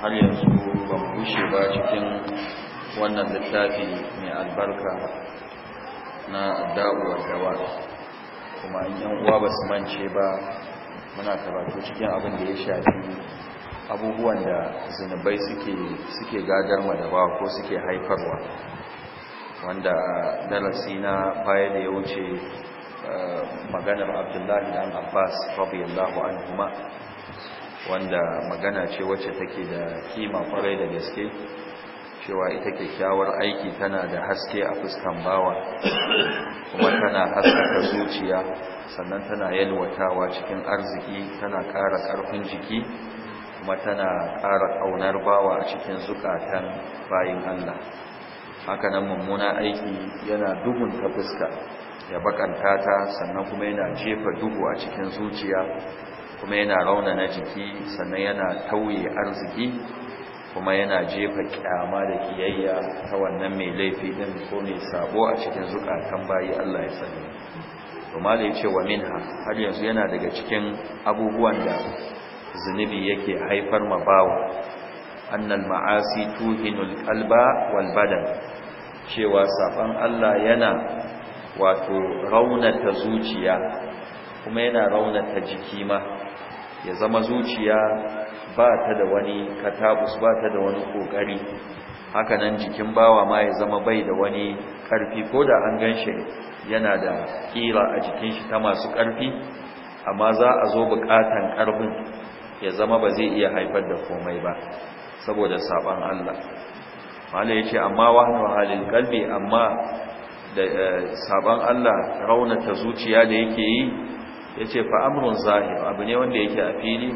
har yanzu ba mu gushe ba cikin wannan littafi mai albarka na da'uwar gawa kuma yan uwa ba su mance ba muna karatu cikin abin da ya shafi abubuwan da zunubai suke gadar ba ko suke haifarwa wanda darasi na baya da ya wuce eh, maganar abdullahi dan abbas rabiyallahu ma. wanda magana ce wacce take da kima kwarai da gaske cewa ita kyakkyawar aiki tana da haske a fuskan bawa kuma tana haskaka zuciya sannan tana yalwatawa cikin arziki tana ƙara ƙarfin jiki kuma tana ƙara ƙaunar bawa a cikin zukatan bayin Allah haka nan mummuna aiki yana duhun ta fuska ya bakanta ta sannan kuma yana jefa duhu a cikin zuciya kuma yana raunana jiki sannan yana tauye arziki kuma yana jefa kyama da kiyayya ta wannan mai laifi din ko mai sabo a cikin zukatan bayi Allah ya sani kuma da yace wa minha har yanzu yana daga cikin abubuwan da zunubi yake haifar ma bawo annal ma'asi tuhinul qalba wal badan cewa saban Allah yana wato raunata zuciya kuma yana raunata jiki ma ya zama zuciya ba ta da wani katabus ba ta da wani kokari nan jikin bawa ma ya zama bai da wani karfi ko da an ganshi yana da kira a jikin shi ta masu karfi amma za a zo bukatan karfin ya zama ba zai iya haifar da komai ba saboda saban Allah mala ce, amma wahnu halin kalbi amma da eh, saban Allah raunata zuciya da yake yi ya fa amrun zahir abu ne wanda yake a fili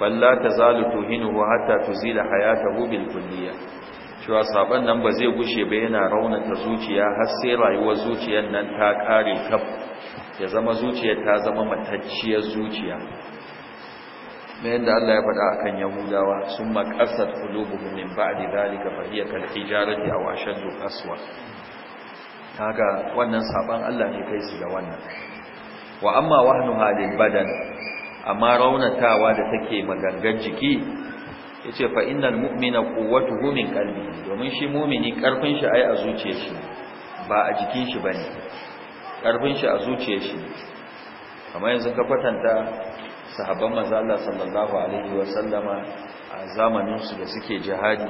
balla zalu tuhinuhu hatta tuzila hayata bil kulliya cewa saban nan ba zai gushe ba yana raunata zuciya har sai rayuwar zuciyar nan ta kare kaf ya zama zuciyar ta zama matacciyar zuciya mai yadda Allah ya faɗa akan yahudawa sun maƙasar qulubuhum min ba'di zalika fa hiya kal a aw ashaddu aswa ga wannan saban Allah ne kai su da wannan wa amma wahnu lil badan amma raunatawa da take magangan jiki yace fa innal mu'mina quwwatuhu min qalbi domin shi mu'mini karfin shi ai a zuciyar shi ba a jikin shi bane karfin shi a zuciyar shi kamar yanzu ka kwatanta sahabban manzo Allah sallallahu alaihi sallama a zamanin su da suke jihadi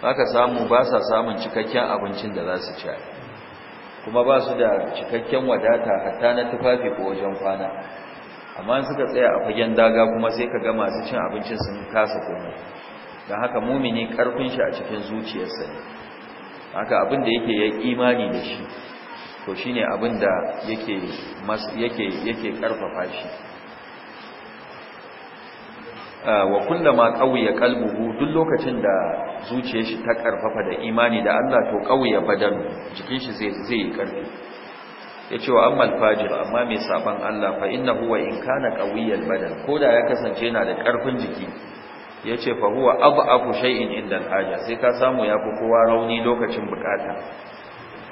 haka samu ba sa samun cikakken abincin da za su ci kuma ba su da cikakken wadata hatta na tufafi ko wajen kwana amma suka tsaya a fagen daga kuma sai ka ga masu cin abincin sun kasa komai don haka mumini karfin shi a cikin zuciyarsa ne haka abin da yake ya imani da shi to shine abin da yake yake yake karfafa shi Eh, wa ma qawiya kalbuhu duk lokacin da zuciyar shi ta karfafa da imani da Allah to ƙauye badan jikin shi zai zai karfi yace wa amma al-fajir amma mai saban Allah fa innahu wa in kana qawiyyal badan koda ya kasance yana da karfin jiki yace fa huwa abu shay'in inda al-haja sai ka samu yafi kowa rauni lokacin bukata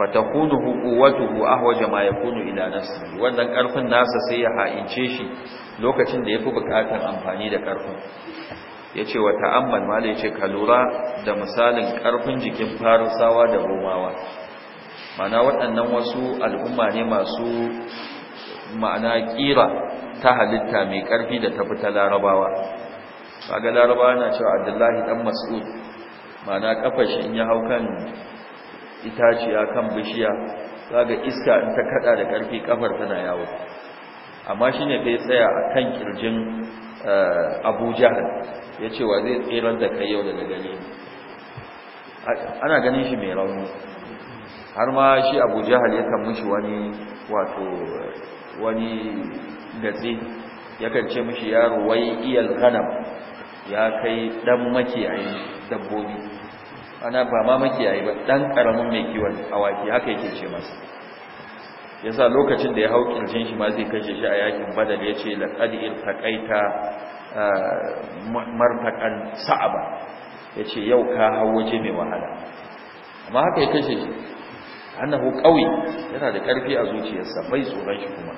fatakunuhu quwwatuhu ahwaja ma yakunu ila nafsi wannan karfin nasa sai ya haince shi lokacin da yafi bukatar amfani da karfin yace wa ta'ammal mala yace ka lura da misalin karfin jikin farisawa da romawa mana waɗannan wasu al'umma ne masu ma'ana kira ta halitta mai karfi da ta fita larabawa kaga larabawa na cewa abdullahi dan mas'ud ma'ana kafashi in ya hau kan itaciya kan bishiya kaga iska in ta kada da karfi kafar tana yawo amma shine bai tsaya akan kirjin eh, Abu Jahal yace wa zai tsira da kai yau daga gani ana ganin shi mai rauni har ma shi Abu Jahal ya kan mishi wani wato wani gatsi yakan ce mishi yaro wai iyal ghanam ya kai dan makiyayin dabbobi ana ba ma yayi ba dan karamin mai kiwon awaki haka yake ce masa yasa lokacin da ya hau kirjin shi ma zai kashe shi a yakin badal ya ce laqad iltaqaita ah, martaqan sa'aba ya ce yau ka hau waje mai wahala amma haka ya kashe shi annahu qawi yana da karfi a zuciyarsa bai tsoron shi kuma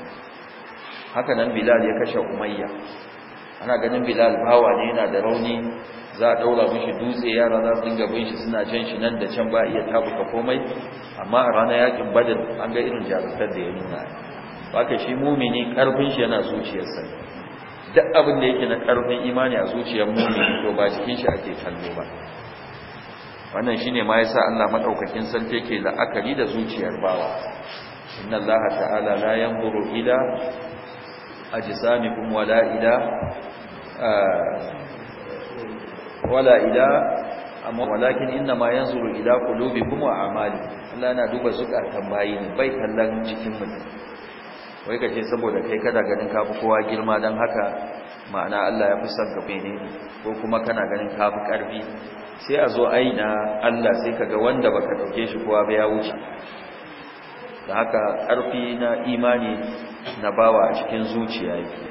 haka nan bilal ya kashe umayya ana ganin bilal bawa ne yana da rauni za a daura mishi dutse yara za su dinga bin shi suna can shi nan da can ba iya tabuka komai amma a ranar yakin badar an ga irin jarumtar da ya nuna ka shi mumini karfin shi yana zuciyarsa duk abin da yake na karfin imani a zuciyar mumini to ba cikin shi ake kallo ba wannan shine ma yasa Allah madaukakin sarki yake la'akari da zuciyar bawa inna Allah ta'ala la yanzuru ila ajsamikum wala ila ah, wala الى amma walakin inna ma yanzuru ila qulubikum wa a'mali Allah yana duba zukatan bayi ne bai kallon cikin mutum wai kace saboda kai kada ganin ka kowa girma dan haka ma'ana Allah ya fi son ka bene ko kuma kana ganin ka fi karfi sai a zo aina Allah sai kaga wanda baka dauke shi kowa ba ya wuce da haka karfi na imani na bawa a cikin zuciya yake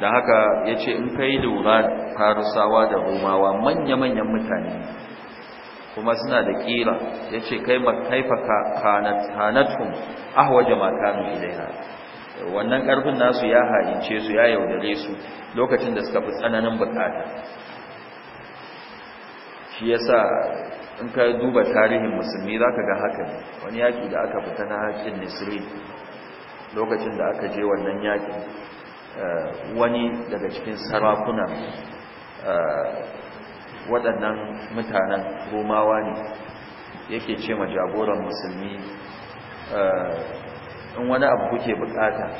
da haka ya ce in kai lura farusawa da romawa manya-manyan mutane kuma suna da ƙira ya ce kai makaifa kanatun ahwaje makanu ilaina wannan ƙarfin nasu ya haince su ya yaudare su lokacin da suka fi tsananin bukata shi ya sa in ka duba tarihin musulmi za ka ga haka wani yaƙi da aka fita na haƙin nisri lokacin da aka je wannan yaƙi? Eh, wani daga cikin sarakunan eh, waɗannan mutanen romawa ne yake ce ma jagoran musulmi eh, in wani abu kuke bukata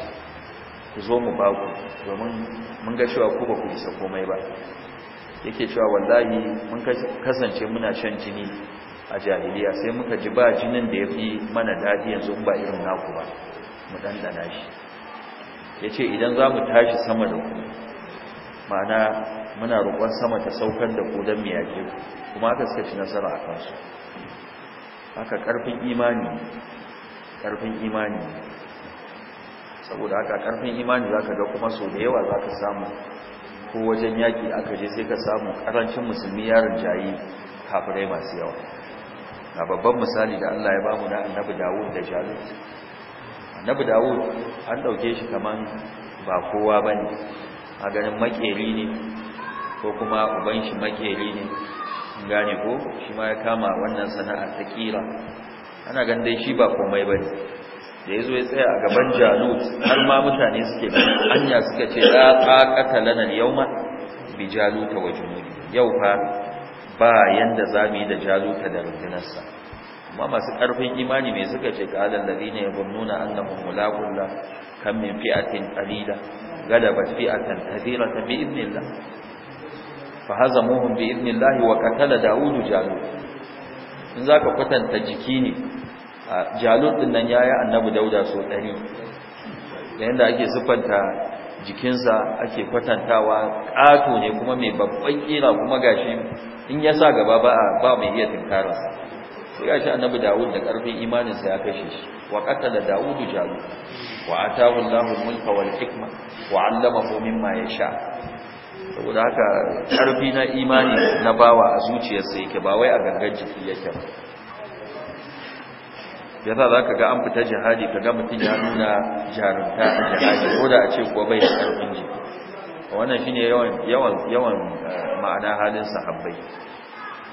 ku zo mu baku domin mun ga cewa ku ba ku isa komai ba yake cewa wallahi mun kasance muna shan jini a jahiliya sai muka ji ba jinin da ya fi mana daɗi yanzu ba irin naku ba mu ɗanɗana shi ya ce idan za mu tashi sama da ku ma'ana muna roƙon sama ta saukar da ku don kuma aka suka ci nasara a kansu haka ƙarfin imani ƙarfin imani saboda haka ƙarfin imani za ka ga kuma sau da yawa za ka samu ko wajen yaƙi aka je sai ka samu ƙarancin musulmi yaron jayi kafirai masu yawa na babban misali da Allah ya bamu na annabi Dawud da Jalut annabi dawud an dauke shi kaman ba kowa bane a ganin makeri ne ko kuma uban shi makeri ne gane ko shi ma ya kama wannan sana'a ta kira ana gan dai shi ba komai bane da yazo ya tsaya a gaban jalut har ma mutane suke anya suka ce la taqata lana yau ma bi jaluta wa junudi yau fa ba yanda zamu yi da jaluta da rundunarsa amma masu ƙarfin imani mai suka ce ƙalar da ne ya gunnuna an da mummulakulla kan min fi'atin ƙalila galabat fi'atan kathira ta bi idnillah fa hazamuhum bi idnillah wa qatala daud jalut in zaka kwatanta jiki ne jalut din nan yayi annabi dauda so dari da yanda ake siffanta jikinsa ake kwatantawa ƙato ne kuma mai babban kira kuma gashi in ya sa gaba ba ba mai iya tinkararsa sai ga shi annabi Dawud da karfin imaninsa ya kashe shi wa qatala dawudu jalu wa atahu Allahu mulka wal hikma wa 'allamahu mimma yasha saboda haka karfi na imani na bawa a zuciyarsa yake ba wai a gangan jiki yake ba yasa zaka ga an fita jihadi ka ga mutun ya nuna jarumta a jihadi ko da a ce kuwa bai da karfin jiki wannan shine yawan yawan eh, ma'ana halin sahabbai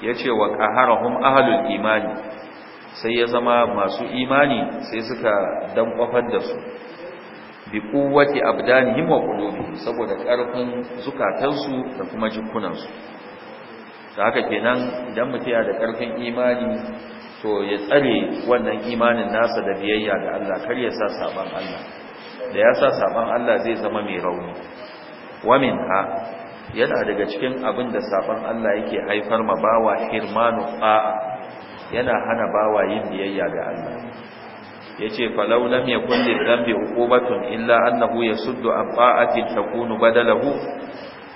ya ce wa ƙaharahun ahalul imani sai ya zama masu imani sai suka don ƙwafar da su bi kuwati abdanihim wa saboda ƙarfin zukatansu da kuma jikunansu da haka kenan idan mutuya da ƙarfin imani to ya tsare wannan imanin nasa da biyayya da Allah kar ya sa saban Allah da ya sa saban Allah zai zama mai rauni wa ha. yana daga cikin abin da safan Allah yake haifar ma bawa hirmanu a'a yana hana bawa yin biyayya ga Allah yace falau lam yakun lidhanbi uqubatun illa annahu yasuddu an ta'atin takunu badalahu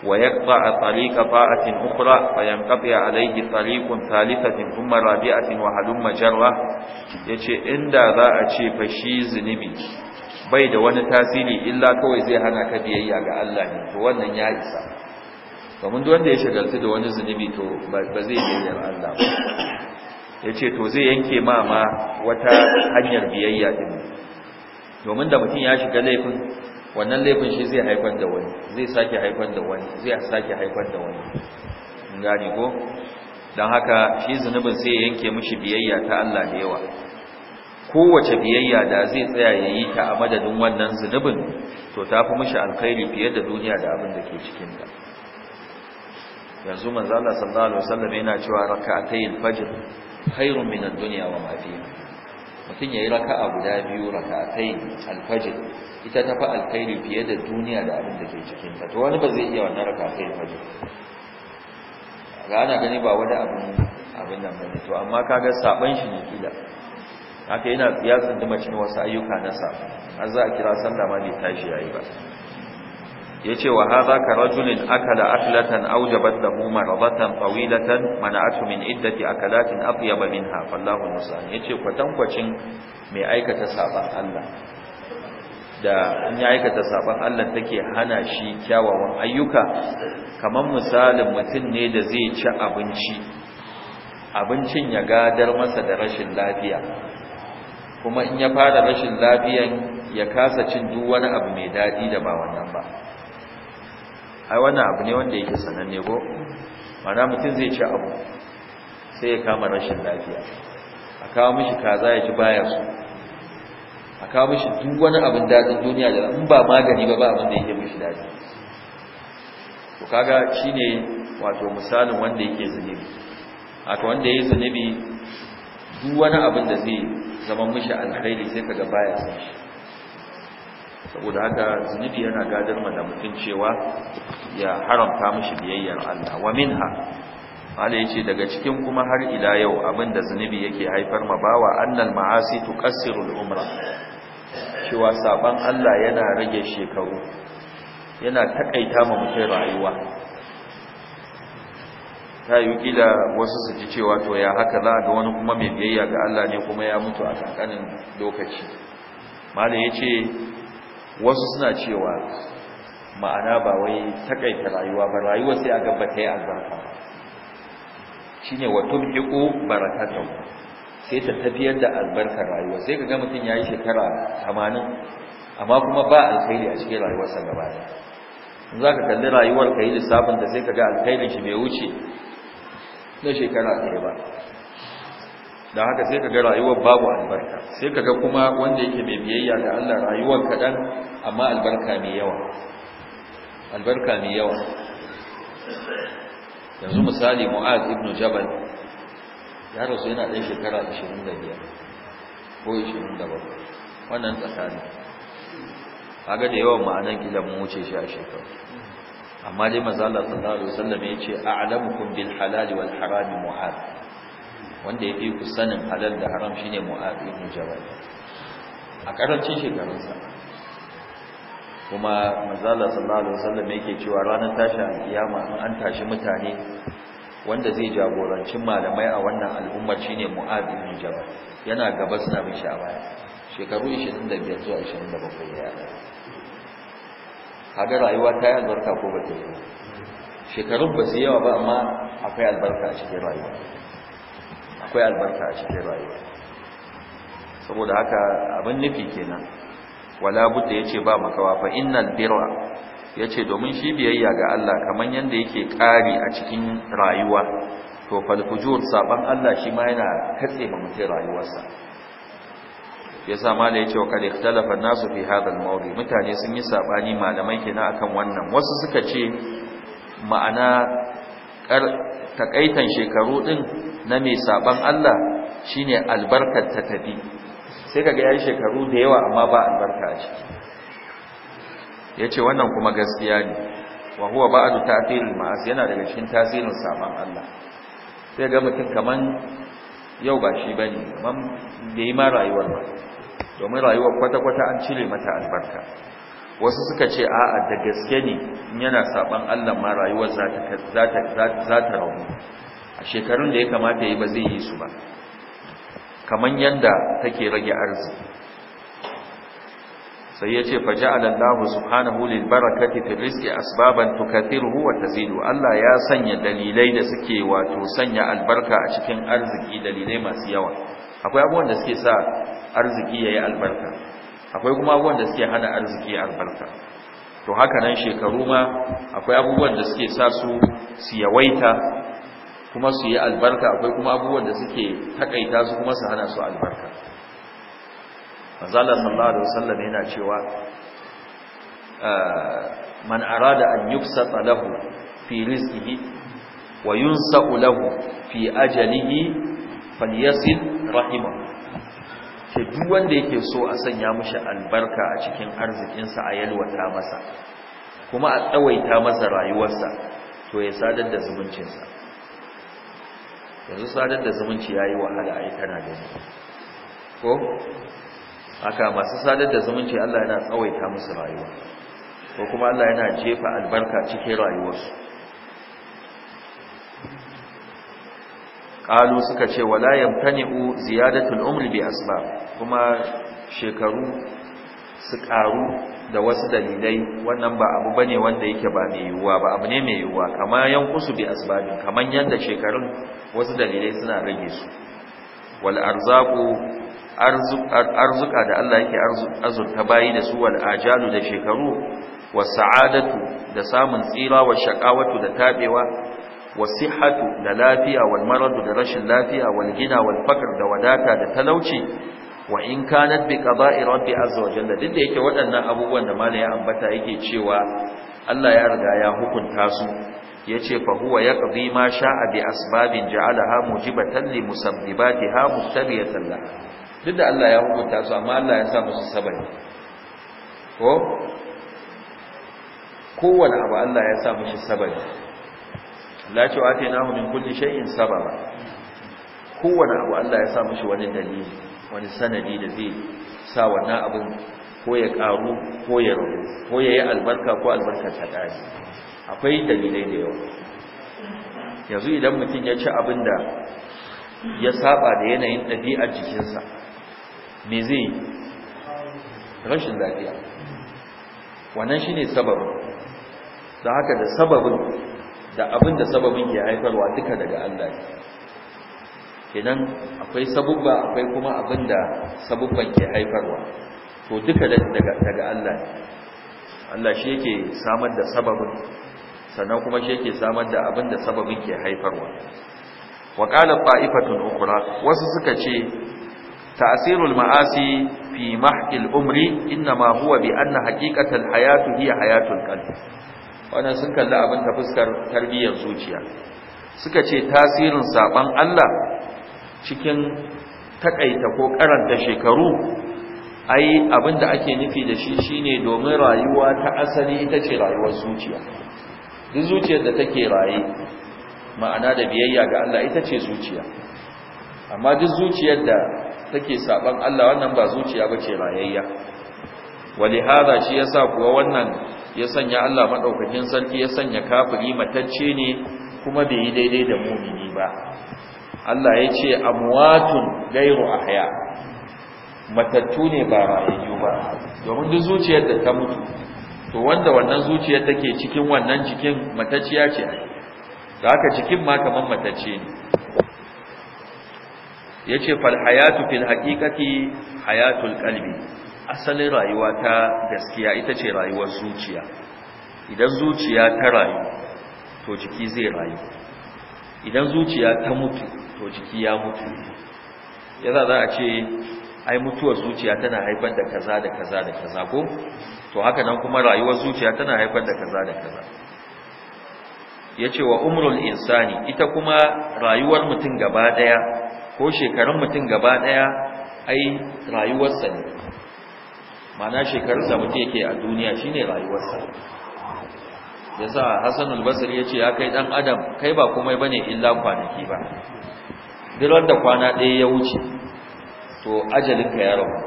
wa yaqta'a tariqa ta'atin ukhra fa yanqati alayhi tariqun thalithatin thumma rabi'atin wa hadumma jarra yace inda za a ce fa shi zunubi bai da wani tasiri illa kawai zai hana ka biyayya ga Allah ne to wannan ya isa mun duwanda ya shagaltu da wani zunubi to ba zai biyayyar Allah ya ce to zai yanke ma ma wata hanyar biyayya din domin da mutum ya shiga laifin wannan laifin shi zai haifar da wani zai sake haifar da wani zai sake haifar da wani in gane ko don haka shi zunubin sai yanke mishi biyayya ta Allah da yawa kowace biyayya da zai tsaya ya yi ta a madadin wannan zunubin to ta fi mishi alkhairi fiye da duniya da abin da ke cikinta yanzu manzo Allah sallallahu alaihi wasallam yana cewa raka'atayil fajr khairun min ad-dunya wa ma fiha mutun yayi raka'a guda biyu raka'atayn al-fajr ita ta fa khairu fiye da duniya da abin da ke cikin ta to wani ba zai iya wannan raka'atayn fajr ga ana gani ba wani abin abin nan bane to amma kaga saban shi ne kila haka yana ya tsunduma cikin wasu ayyuka na sa har za a kira Sallama ma bai tashi yayi ba yace wa hadha ka rajulin akala aklatan awjabat lahu maradatan tawilatan mana'atu min iddati akalatin atyaba minha wallahu musta'an yace kwatankwacin mai aikata saban Allah da in ya aikata saban Allah take hana shi kyawawan ayyuka Kamar misalin mutum ne da zai ci abinci abincin ya gadar masa da rashin lafiya kuma in ya fara rashin lafiyan ya kasa cin duk wani abu mai daɗi da ba wannan ba ai wannan abu ne wanda yake sananne ko mana mutum zai ci abu sai ya kama rashin lafiya a kawo mishi kaza ya ci baya su a kawo mishi duk wani abin daɗin duniya da in ba magani ba ba abin da yake mishi lafiya. to kaga shine wato misalin wanda yake zunubi aka wanda yake zunubi duk wani abin da zai zama mishi alkhairi sai kaga baya san shi saboda haka zunubi yana gadar da mutum cewa ya haramta mishi biyayyar Allah wa minha Allah yace daga cikin kuma har ila yau abinda zunubi yake haifar ma bawa annal ma'asi tuqassiru al-umra cewa saban Allah yana rage shekaru yana takaita ma mutum rayuwa ta yi kila wasu su ji cewa to ya haka za ga wani kuma mai biyayya ga Allah ne kuma ya mutu a kankanin lokaci ya yace wasu suna cewa ma'ana ba wai takaita rayuwa ba rayuwa sai a gaba ta yi albarka ne wa tumhiqu barakatuh sai ta tafiyar da albarkar rayuwa sai ka mutum ya yi shekara tamanin, amma kuma ba alkhairi a cikin rayuwarsa gaba ɗaya in ka kalli rayuwar ka yi lissafin da sai ga alkhairin shi bai wuce na shekara ɗaya ba da haka sai ka ga rayuwar babu albarka sai ka ga kuma wanda yake mai biyayya ga Allah rayuwar kaɗan, amma albarka mai yawa albarka mai yawa yanzu misali Mu'ad ibn Jabal ya rasu yana ɗan shekara 25 ko 27 wannan tsakani kaga da yawan ma'anan kila mu wuce shi a shekaru amma dai manzo Allah sallallahu alaihi wasallam ya ce a'lamukum bil halal wal haram mu'az wanda ya fi ku sanin halal da haram shine mu'ad ibn jabal a karancin shekarunsa kuma manzala sallallahu alaihi wasallam yake cewa ranar tashin kiyama in an tashi mutane wanda zai jagoranci malamai a wannan al'ummar shine mu'ad ibn jabal yana gaba suna mishi a baya shekaru 25 zuwa 27 ya kaga rayuwa ta yi albarka ko ba ta yi shekarun ba su yawa ba amma akwai albarka a cikin rayuwa akwai albarka a cikin rayuwa saboda haka abin nufi kenan wala budda yace ba makawa fa innal birra yace domin shi biyayya ga Allah kaman yanda yake kari a cikin rayuwa to fal fujur saban Allah shi ma yana katse ma mutum rayuwarsa yasa da yace wa kad ikhtalafa nasu fi hadha al-mawdi mutane sun yi sabani malamai kenan akan wannan wasu suka ce ma'ana takaitan shekaru din na mai saban Allah shine albarkar ta tafi sai kaga yayi shekaru da yawa amma ba albarka a ciki yace wannan kuma gaskiya ne wa huwa ba'du ta'til ma'as yana daga cikin tasirin saban Allah sai ga mutum kaman yau ba shi bane kaman da yi ma rayuwar ba domin rayuwar kwata-kwata an cire mata albarka wasu suka ce a'a da gaske ne in yana saban Allah ma rayuwar za ta rauni a shekarun da ya kamata yi ba zai yi su ba kaman yanda take rage arziki sai yace faja'ala Allah subhanahu lil barakati fil rizqi asbaban tukathiruhu wa tazidu Allah ya sanya dalilai da suke wato sanya albarka a cikin arziki dalilai masu yawa akwai abubuwan da suke sa arziki yayi albarka akwai kuma abubuwan da suke hana arziki albarka to haka nan shekaru ma akwai abubuwan da suke sa su su yawaita kuma su yi albarka akwai kuma abubuwan da suke takaita su kuma su hana su albarka manzala sallallahu alaihi wasallam yana cewa ah, man arada an yubsata lahu fi rizqihi wa yunsa lahu fi ajalihi falyasid rahimahu sai duk wanda yake so a sanya mishi albarka a cikin arzikinsa a yalwata masa kuma a tsawaita masa rayuwarsa to ya sadar da zumuncinsa yanzu sadar da zumunci ya yi wahala ai kana da ni ko haka masu sadar da zumunci Allah yana tsawaita musu rayuwa ko kuma Allah yana jefa albarka cikin rayuwarsu qalu suka ce wala yamtani'u ziyadatul umri bi asbab kuma shekaru su karu da wasu dalilai wannan ba abu bane wanda yake ba mai yuwa ba abu ne mai yuwa kama yankusu bi asbabin kaman yanda shekarun wasu dalilai suna rage su wal arzaqu arzuka da Allah yake azurta bayi da su wal ajalu da shekaru wa sa'adatu da samun tsira wa shaqawatu da tabewa wasihatu da lafiya wal maradu da rashin lafiya wal gina wal fakr da wadata da talauci wa in kanat bi qada'i rabbi azza wa jalla duk da yake waɗannan abubuwan da malai ya ambata yake cewa Allah ya riga ya hukunta su yace fa huwa yaqdi ma sha'a bi asbabin ja'alaha mujibatan li musabbibatiha muftabiyatan la duk da Allah ya hukunta su amma Allah ya sa musu sabani ko kowane abu Allah ya sa mushi sabani la ce wa na min kulle shay'in sababa kowane abu Allah ya sa mashi wani dalili wani sanadi da zai sa wannan abin ko ya karu ko ya rabu ko ya yi albarka ko albarkar ta ƙari akwai dalilai da yawa yanzu idan mutum ya ci abin da ya saba da yanayin ɗabi'ar jikinsa me zai rashin lafiya wannan shi ne sababin da haka da sababin da abin da sababin ke haifarwa duka daga Allah ne kenan akwai sabubba akwai kuma abin da sabubban ke haifarwa to duka daga daga Allah ne Allah shi yake samar da sababin sannan kuma shi yake samar da abin da sababin ke haifarwa wa qala qa'ifatun ukhra wasu suka ce ta'sirul ma'asi fi mahkil umri inma huwa bi anna haqiqatal hayatu hiya hayatul qalbi wannan sun kalli abin ta fuskar tarbiyyar zuciya suka ce tasirin saban Allah cikin takaita ko karanta shekaru ai abin da ake nufi da shi shine domin rayuwa ta asali ita ce rayuwar zuciya duk zuciyar da take raye ma'ana da biyayya ga Allah ita ce zuciya amma duk zuciyar da take saban Allah wannan ba zuciya ba ce rayayya Wa lihada shi yasa kuwa wannan ya sanya Allah maɗaukakin sarki ya sanya kafiri matacce ne kuma bai yi daidai da mumini ba Allah ya ce amwatun gairu ahya matattu ne ba rayayyu ba domin duk zuciyar da ta mutu to wanda wannan zuciyar take cikin wannan jikin matacciya ce da haka jikin ma kaman matacce ne yace fal hayatu fil haqiqati hayatul qalbi asalin rayuwa ta gaskiya ita ce rayuwar zuciya idan zuciya ta rayu to jiki zai rayu idan zuciya ta mutu to jiki ya mutu yasa za a ce ai mutuwar zuciya tana haifar da kaza da kaza da kaza ko to haka nan kuma rayuwar zuciya tana haifar da kaza da kaza Ya ce wa umrul insani ita kuma rayuwar mutum gaba daya ko shekarun mutum gaba daya ai rayuwarsa ne mana shekarunsa mutum yake a duniya shine rayuwarsa yasa Hassan al ya ce ya kai ɗan adam kai ba komai ne, illa kwanaki ba duk da kwana ɗaya ya wuce to ajalinka ya rabu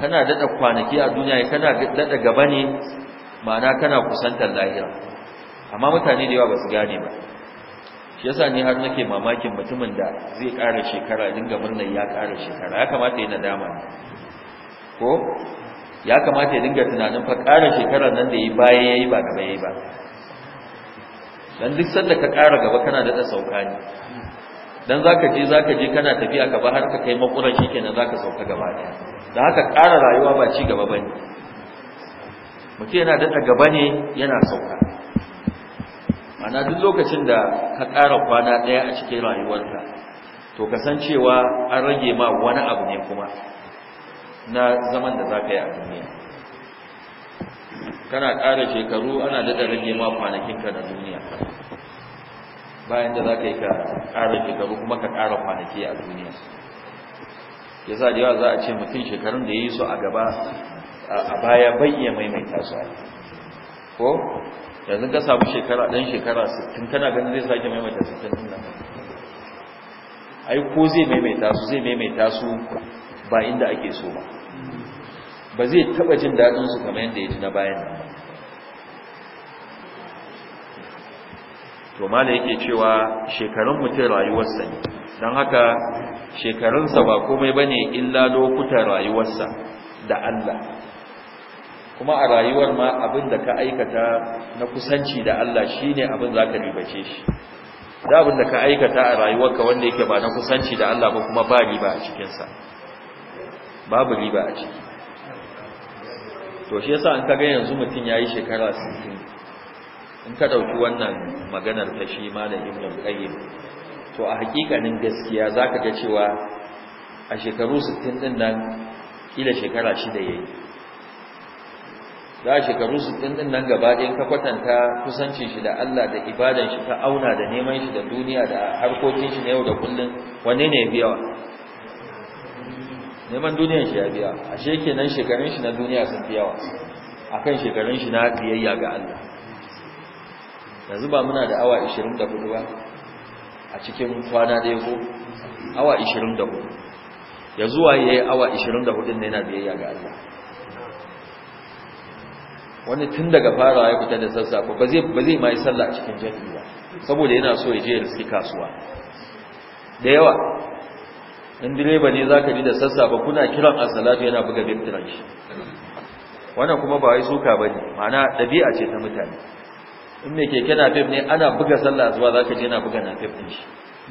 kana daɗa kwanaki a duniya ya kana daɗa gaba ne ma'ana kana kusantar lahira amma mutane da yawa ba su gane ba shi yasa ni har nake mamakin mutumin da zai ƙara shekara dinga murnar ya ƙara shekara ya kamata yi nadama ne ko ya kamata ya dinga tunanin fa ƙara shekarar nan da yi baya ya yi ba gaba ya yi ba dan duk sanda ka ƙara gaba kana daɗa sauka ne dan zaka je zaka je kana tafiya gaba har ka kai makura za zaka sauka gaba ɗaya da haka ƙara rayuwa ba ci gaba bane mutum yana daɗa gaba ne yana sauka mana duk lokacin da ka ƙara kwana ɗaya a cikin rayuwarka to kasancewa an rage ma wani abu ne kuma na zaman da za ka yi a duniya kana ƙara shekaru ana daɗa rage ma kwanakinka na duniya bayan da za ka yi ka ƙara shekaru kuma ka ƙara kwanaki a duniya ya sa da yawa za a ce mutum shekarun da ya yi su a gaba a baya bai iya maimaita su ko yanzu ka samu shekara ɗan shekara 60 kana ganin zai sake maimaita 60 ɗin nan ai ko zai maimaita su zai maimaita su ba inda ake so ba ba zai taba jin dadin su kamar yadda ya ji na bayan nan to mala yake cewa shekarun mutum rayuwarsa ne dan haka shekarunsa ba komai ba illa lokutan rayuwarsa da Allah kuma a rayuwar ma abin da ka aikata na kusanci da Allah shine abin za ka ribace shi da abin da ka aikata a rayuwarka wanda yake ba na kusanci da Allah ba kuma ba riba a cikinsa babu riba a ciki to shi yasa an kaga yanzu mutum yayi shekara 60 in ka dauki wannan maganar ta shi malam Ibn Qayyim to a hakikanin gaskiya zaka ga cewa a shekaru 60 din nan kila shekara 6 yayi da shekaru 60 din nan gaba ɗayan ka kwatanta kusancin shi da Allah da ibadan shi ka auna da neman shi da duniya da harkokin shi na yau da kullun wanne ne biyawa? neman duniyar shi ya biya ashe kenan shekarun shi na duniya sun fi yawa akan shekarun shi na biyayya ga Allah yanzu ba muna da awa 24 ba a cikin kwana da ko awa 24 ya zuwa yayi awa 24 ne yana biyayya ga Allah wani tun daga farawa ya fita da sassafe ba zai ba zai mai sallah cikin jami'a saboda yana so ya je ya riski kasuwa da yawa in direba ne za ka ji da sassafa kuna kiran asalatu yana buga biftiran shi wannan kuma ba wai suka ba ne ma'ana ɗabi'a ce ta mutane in mai keke na fif ne ana buga sallah zuwa za ka ji yana buga na fif ɗin shi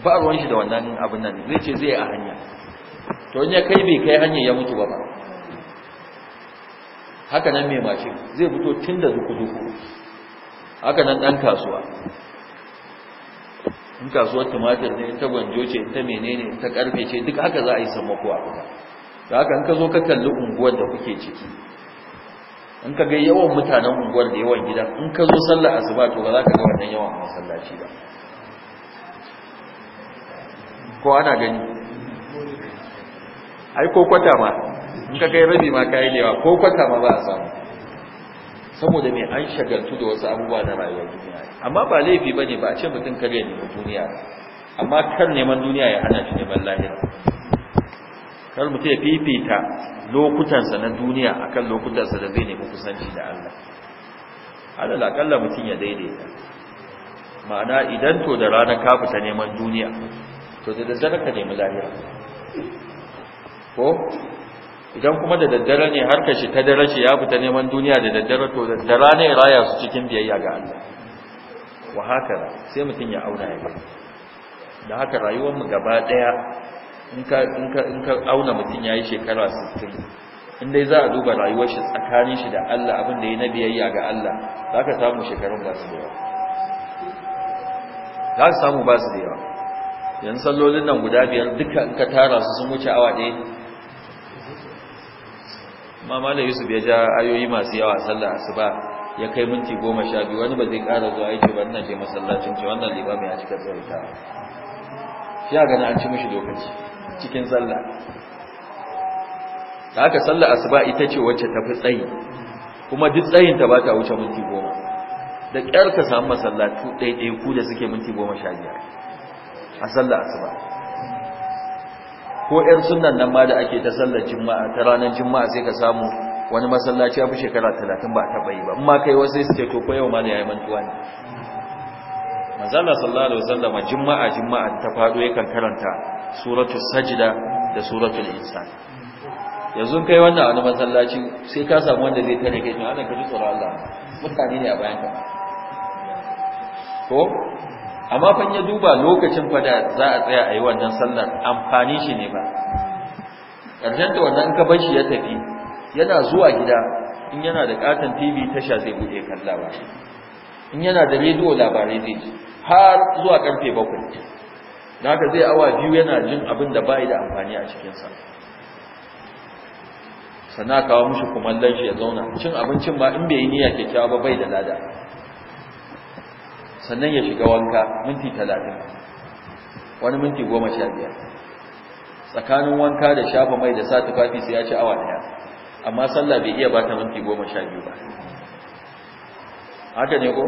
ba ruwan shi da wannan abin nan zai ce zai a hanya to in ya kai bai kai hanya ya mutu ba ba haka nan mai mashin zai fito tun da duku-duku haka nan ɗan kasuwa in kasuwar tumatir ne ta gwanjo ce ta menene ta karfe ce duk haka za a yi sammako a fita da haka in ka zo ka kalli unguwar da kuke ciki in ka ga yawan mutanen unguwar da yawan gidan in ka zo sallar asuba to ba za ka ga wannan yawan masallaci ba ko ana gani ai ko kwata ma in ka kai rabi ma ka yi yawa ko kwata ma ba a samu saboda mai an shagaltu da wasu abubuwa na rayuwar duniya amma ba laifi ba ne ba a ce mutum kare ya nemi duniya amma kar neman duniya ya hana shi neman lahira kar mutum ya fifita lokutansa na duniya a kan lokutansa da zai nemi kusanci da Allah alal akalla mutum ya daidaita ma'ana idan to da rana ka fita neman duniya to da daddare ka nemi lahira ko idan kuma da daddare ne har kashi ta dare shi ya fita neman duniya da daddare to da rana raya su cikin biyayya ga Allah wa haka sai mutum ya auna ya gani da haka rayuwar mu gaba daya in ka in ka in ka auna mutum yayi shekara 60 in dai za a duba rayuwar shi tsakanin shi da Allah abin da yayi na biyayya ga Allah zaka samu shekarun ba su da yawa za samu ba su da yawa yan sallolin nan guda biyar duka in ka tara su sun wuce awa ɗaya amma malam yusuf ya ja ayoyi masu yawa sallar asuba ya kai minti goma sha biyu wani ba zai ƙara zuwa yake ba nan je masallacin ce wannan limamin ya cika tsawaita shi ya gani an ci mishi lokaci cikin sallah da haka sallar asuba ita ce wacce ta fi tsayi kuma duk tsayinta ba ta wuce minti goma da ƙyar ka samu masallatu ɗaiɗaiku da suke minti goma sha biyar a sallar asuba ko ƴar sunan nan ma da ake ta sallar juma'a ta ranar juma'a sai ka samu wani masallaci ya fi shekara talatin ba a taɓa yi ba amma kai wasu su ce to ko yau ma da ya yi mantuwa ne manzala sallallahu alaihi wasallam juma'a juma'a ta faɗo yakan karanta suratul sajda da suratul insan yanzu kai wannan wani masallaci sai ka samu wanda zai tare kai to ana ka ji tsoron Allah mutane ne a bayan ka ko amma fa ya duba lokacin fa da za a tsaya a yi wannan sallar amfani shi ne ba ƙarshen da wannan ka bar shi ya tafi yana zuwa gida in yana da katon tv tasha zai buɗe kalla ba in yana da rediyo labarai zai ji har zuwa karfe bakwai da haka zai awa biyu yana jin abin da bai da amfani a cikinsa sannan kawo mushi kumallon shi ya zauna cin abincin ma in bai yi niyya kyakkyawa ba bai da lada sannan ya shiga wanka minti talatin wani minti goma sha biyar tsakanin wanka da shafa mai da sati kwafi sai ya ci awa daya amma sallah bai iya bata minti goma sha biyu ba haka ne ko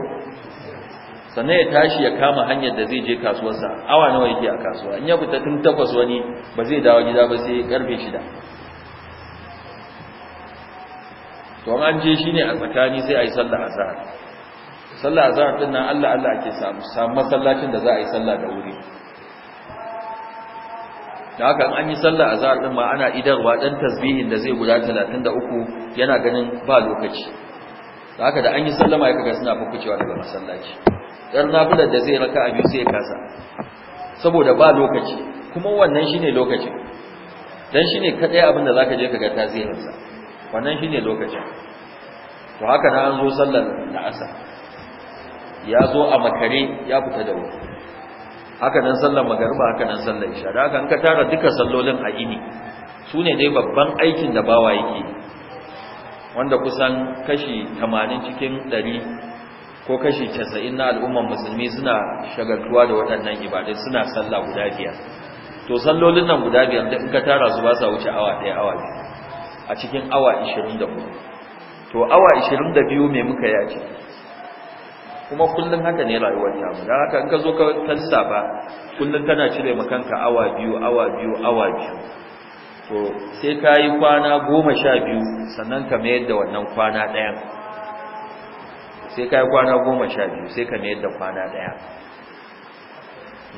sannan ya tashi ya kama hanyar da zai je kasuwarsa awa nawa yake a kasuwa in ya fita tun takwas wani ba zai dawo gida ba sai karfe shida to an je shine a tsakani sai a yi sallah azhar sallah azhar din nan Allah Allah ake samu samu masallacin da za a yi sallah da wuri da haka an yi sallah azhar din ma ana idarwa dan tasbihin da zai guda 33 yana ganin ba lokaci da haka da an yi sallama ya kaga suna fukucewa daga masallaci dan nafilar da zai raka biyu sai ya kasa saboda ba lokaci kuma wannan shine lokacin dan shine kadai abin da zaka je ka kaga tasirinsa wannan shine lokacin to haka na an zo sallar da asar ya zo a makare ya fita da wuri haka nan sallar magariba haka nan sallar isha da haka an ka tara duka sallolin a ini su ne dai babban aikin da bawa yake wanda kusan kashi 80 cikin 100 ko kashi 90 na al'ummar musulmi suna shagaltuwa da waɗannan ibadai suna sallah guda biyar to sallolin nan guda biyar da in ka tara su ba sa wuce awa ɗaya awa biyu a cikin awa da 24 to awa 22 me muka yi ce? kuma kullum haka ne rayuwar ta dan haka in ka zo ka kansa ba kullum kana cire ma kanka awa biyu awa biyu awa biyu to sai ka yi kwana goma sha biyu sannan ka mayar da wannan kwana ɗayan sai ka yi kwana goma sha biyu sai ka mayar da kwana ɗaya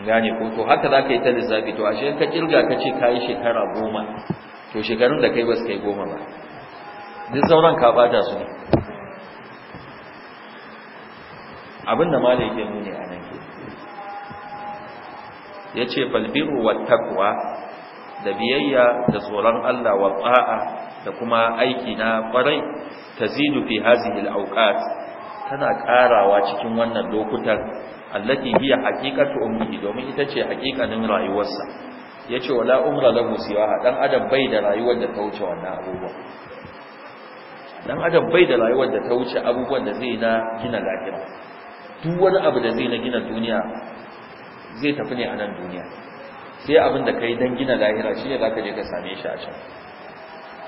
gane ko to haka za ka yi ta lissafi to ashe ka kirga ka ce ka yi shekara goma to shekarun da kai ba su kai goma ba duk sauran ka bata su abin da yake nuni a nan ke ya ce falbiru wa da biyayya da tsoron Allah wa ba'a da kuma aiki na kwarai tazidu fi hazihi al-awqat tana karawa cikin wannan lokutan allati hiya haqiqatu ummihi domin ita ce haqiqanin rayuwarsa yace wala umra lahu siwa dan adam bai da rayuwar da ta wuce wannan abubuwa, dan adam bai da rayuwar da ta wuce abubuwan da zai na gina lafiya duk wani abu da zai na gina duniya zai tafi ne a nan duniya sai abin da kai don gina lahira shi ne za ka je ka same shi a can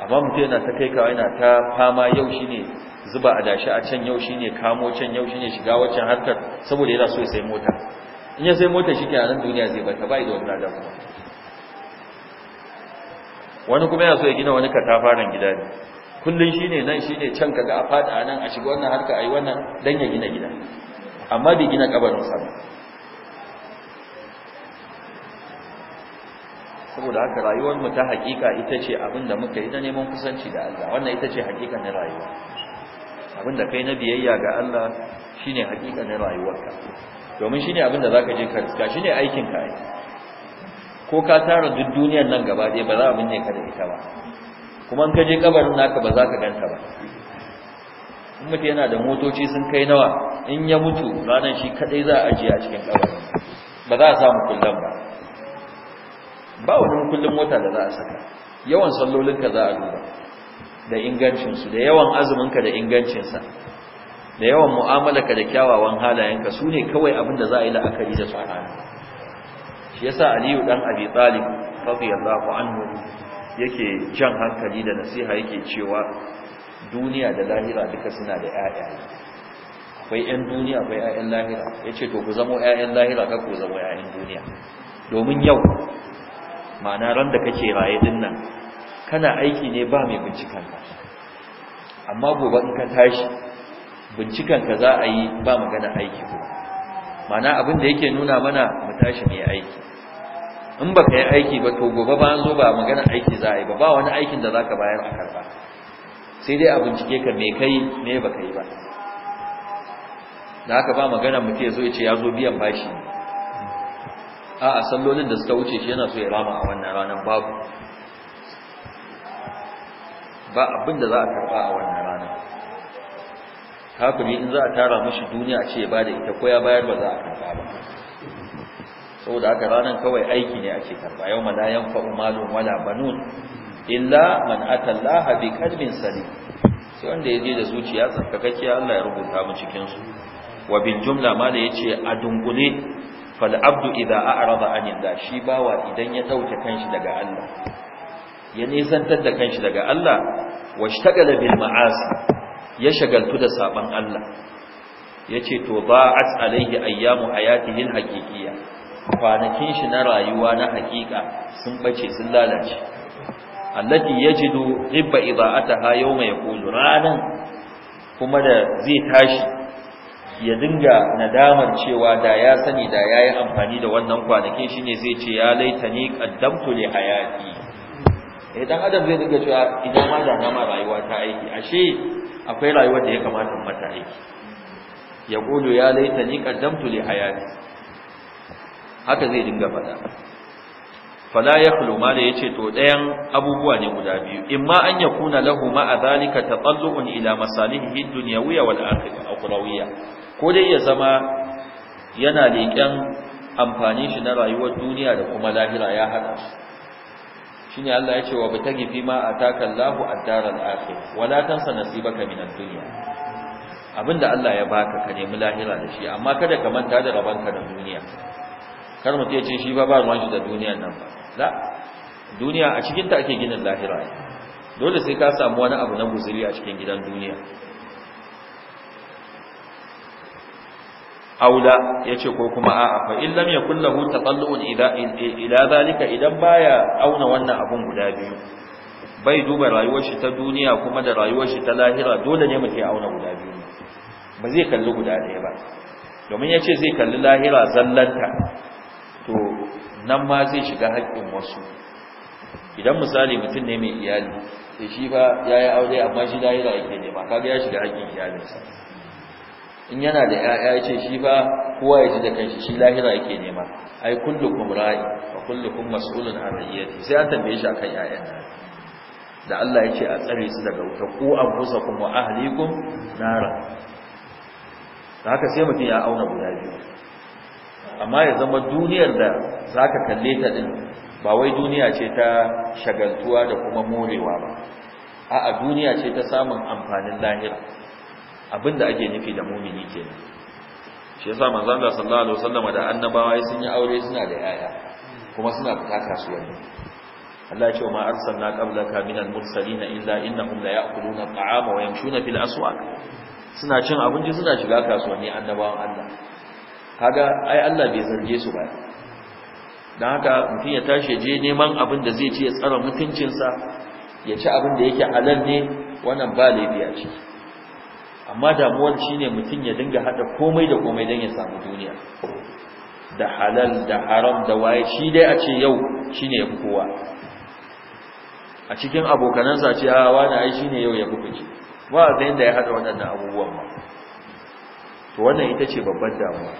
amma mutum yana ta kai kawai yana ta fama yau shi ne zuba a dashi a can yau shi ne kamo can yau shi ne shiga wancan harkar saboda yana so ya sai mota in ya sai mota shi ke a nan duniya zai bata bai da wani ladan kuma wani kuma yana so ya gina wani katafaren gida ne kullum shi ne nan shi ne can kaga a fada a nan a shiga wannan harka a yi wannan don ya gina gida amma bai gina kabarinsa ba saboda haka rayuwar mu ta hakika ita ce abinda muka yi na neman kusanci da Allah wannan ita ce na rayuwa abinda kai na biyayya ga Allah shine na rayuwarka domin shine abinda zaka je ka riska shine aikin ka ai ko ka tara duk duniyar nan gaba ɗaya ba za a binne ka da ita ba kuma in ka je kabarin naka ba za ka ganta ba mutu yana da motoci sun kai nawa in ya mutu ranar shi kadai za a ajiye a cikin kabarin ba za a samu kullum ba ba wani kullum mota da za a saka yawan sallolinka za a duba da ingancinsu da yawan azuminka da ingancinsa da yawan mu'amalarka da kyawawan halayenka su ne kawai abin da za a yi la'akari da su shi sa aliyu ɗan abi talib radiyallahu anhu yake jan hankali da nasiha yake cewa duniya da lahira duka suna da ƴaƴaye akwai ƴan duniya akwai ƴaƴan lahira yace to ku zamo ƴaƴan lahira kar ku zamo ƴaƴan duniya domin yau ma'ana ran da kake raye din nan kana aiki ne ba mai bincikan ka amma gobe in ka tashi bincikan ka za a yi ba magana aiki ko ma'ana abin da yake nuna mana mu tashi mai aiki in baka yi aiki ba to gobe ba an zo ba magana aiki za a yi ba ba wani aikin da za ka bayar a karba sai dai a bincike ka me kai me baka yi ba da haka ba magana mutum ya zo ya ce ya zo biyan bashi a a sallolin da suka wuce shi yana so ya rama a wannan ranar babu ba abin da za a karɓa a wannan ranar kafiri in za a tara mashi duniya ce ba da ita ko ya bayar ba za a karba ba saboda haka ranar kawai aiki ne ake karɓa, yau ma fa'umalun wala banun illa man atallaha bi qalbin salim sai wanda yaje da zuciya tsarkakakkiya Allah ya rubuta mu cikin su wa bil jumla ma da yace a dungule fal abdu idza a'rada anil da shi bawa idan ya ɗauke kanshi daga Allah ya nisantar da kanshi daga Allah washtagala bil ma'asi ya shagaltu da saban Allah yace to ba'at alaihi ayyamu hayatihi al-haqiqiyya kwanakin shi na rayuwa na haƙiƙa sun bace sun lalace allati yajidu ghibba idaataha yawma yaqulu ranan kuma da zai tashi ya dinga nadamar cewa da ya sani da yayi amfani da wannan kwanakin shine zai ce ya laitani qaddamtu li hayati eh dan adam zai dinga cewa idan ma da nama rayuwa ta aiki ashe akwai rayuwar da ya kamata mu mata aiki ya qulu ya laitani qaddamtu li hayati haka zai dinga fada fala ma da yace to ɗayan abubuwa ne guda biyu In imma an kuna lahu ma adhalika tatallu'un ila masalihi dunyawiyya wal akhirah ko dai ya zama yana leken amfani shi na rayuwar duniya da kuma lahira ya haɗa shine Allah ya ce wa bitagi fi ma ataka Allahu ad-daral akhirah wala tansa nasibaka min ad-dunya abinda Allah ya baka ka nemi lahira da shi amma kada ka manta da rabanka da duniya kar mutum ya ce shi ba ba ruwan shi da duniyar nan ba da duniya a cikinta ake ginin lahira dole sai ka samu wani abu na guzuri a cikin gidan duniya aula yace ko kuma a'a fa illam ya yakul lahu taqallu'un ila zalika idan baya auna wannan abun guda biyu bai duba rayuwar ta duniya kuma da rayuwar shi ta lahira dole ne mutai auna guda biyu ba zai kalli guda ɗaya ba domin ya ce zai kalli lahira zallanta to nan ma zai shiga haƙƙin wasu idan misali mutum ne mai iyali sai shi ba ya yi aure amma shi lahira yake ne ba kaga ya shiga haƙƙin iyalinsa in yana da ya'ya ya ce shi ba kowa ya ji da kanshi shi lahira yake nema ai kullukum ra'i wa kullukum mas'ulun an ra'iyati sai an tambaye shi akan ƴaƴan da Allah ya ce a tsare su daga wuta ku anfusakum kuma ahlikum nara da haka sai mutum ya auna guda biyu amma ya zama duniyar da zaka kalle ta din ba wai duniya ce ta shagaltuwa da kuma morewa ba a'a duniya ce ta samun amfanin lahira abinda ake nufi da mumini kenan shi yasa manzon Allah sallallahu alaihi wasallam da annabawa sun yi aure suna da yaya kuma suna fita kasuwanni Allah ya ce ma arsalna qablaka minal mursalin illa innahum la ya'kuluna at'ama wa yamshuna fil aswaq suna cin abinci suna shiga kasuwanni annabawan Allah kaga ai Allah bai zarge su ba dan haka mutum ya tashi je neman abin da zai ci ya tsara mutuncin sa ya ci abin da yake halal ne wannan ba laifi a ciki amma damuwar shine mutum ya dinga hada komai da komai don ya samu duniya da halal da haram da waye shi dai a ce yau shine ya kowa a cikin abokanansa ce a ah, wani ai shine yau ya fice, ba a da ya hada waɗannan abubuwan ba to wannan ita ce babban damuwa